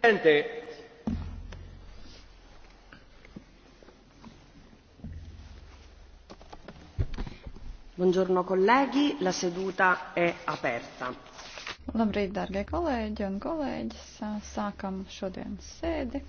Presidente, Buongiorno colleghi, la seduta è aperta. Labrīt, darbie kolēģi un kolēģis. Sākam šodienas sēdi.